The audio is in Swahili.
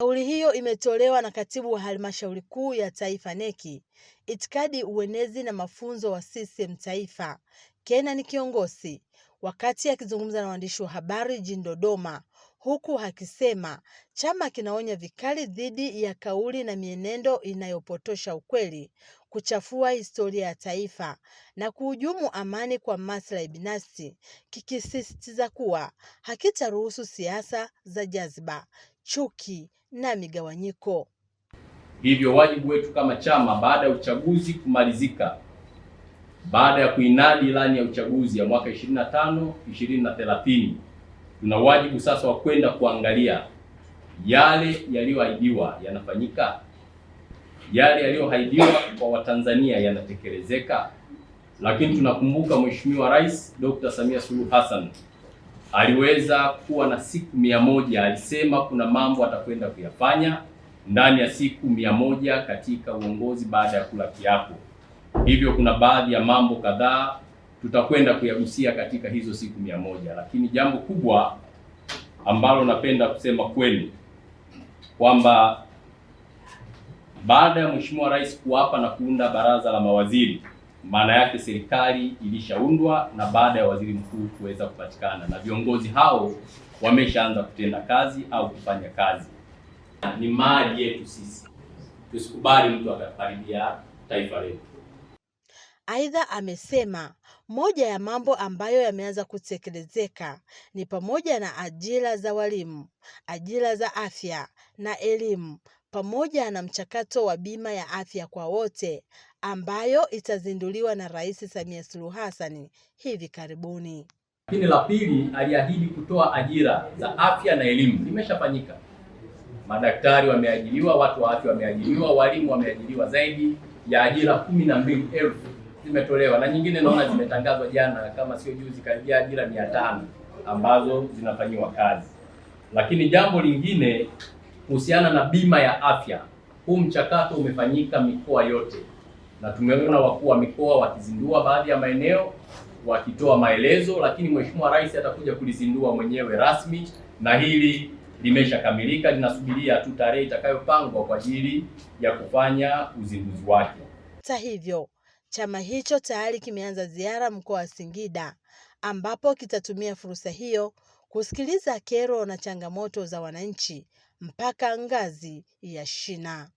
Kauli hiyo imetolewa na Katibu wa Halmashauri Kuu ya Taifa neki Itikadi Uenezi na Mafunzo wa CCM Taifa, ni Kiongosi, wakati akizungumza na waandishi wa habari jijini Dodoma huku akisema chama kinaonya vikali dhidi ya kauli na mienendo inayopotosha ukweli, kuchafua historia ya taifa na kuhujumu amani kwa maslahi binafsi, kikisisitiza kuwa hakitaruhusu siasa za jazba, chuki na migawanyiko. Hivyo wajibu wetu kama chama baada ya uchaguzi kumalizika, baada ya kuinadi ilani ya uchaguzi ya mwaka 25 20 na tuna wajibu sasa wa kwenda kuangalia yale yaliyoahidiwa yanafanyika, yale yaliyoahidiwa kwa Watanzania yanatekelezeka. Lakini tunakumbuka Mheshimiwa Rais Dr. Samia Suluhu Hassan aliweza kuwa na siku mia moja. Alisema kuna mambo atakwenda kuyafanya ndani ya siku mia moja katika uongozi baada ya kula kiapo. Hivyo kuna baadhi ya mambo kadhaa tutakwenda kuyagusia katika hizo siku mia moja, lakini jambo kubwa ambalo napenda kusema kwenu kwamba baada ya Mheshimiwa Rais kuapa na kuunda baraza la mawaziri, maana yake serikali ilishaundwa na baada ya waziri mkuu kuweza kupatikana, na viongozi hao wameshaanza kutenda kazi au kufanya kazi. Ni mali yetu sisi, tusikubali mtu akakaribia taifa letu. Aidha, amesema moja ya mambo ambayo yameanza kutekelezeka ni pamoja na ajira za walimu, ajira za afya na elimu, pamoja na mchakato wa bima ya afya kwa wote ambayo itazinduliwa na Rais Samia Suluhu Hassan hivi karibuni. Lakini la pili, aliahidi kutoa ajira za afya na elimu, limeshafanyika. Madaktari wameajiriwa, watu wa afya wameajiriwa, walimu wameajiriwa, zaidi ya ajira kumi na mbili elfu zimetolewa na nyingine naona zimetangazwa jana kama sio juzi, karibia ajira mia tano ambazo zinafanyiwa kazi. Lakini jambo lingine kuhusiana na bima ya afya, huu mchakato umefanyika mikoa yote na tumeona wakuu wa mikoa wakizindua baadhi ya maeneo wakitoa maelezo, lakini Mheshimiwa Rais atakuja kulizindua mwenyewe rasmi, na hili limeshakamilika, linasubiria tu tarehe itakayopangwa kwa ajili ya kufanya uzinduzi wake. Hata hivyo Chama hicho tayari kimeanza ziara mkoa wa Singida ambapo kitatumia fursa hiyo kusikiliza kero na changamoto za wananchi mpaka ngazi ya shina.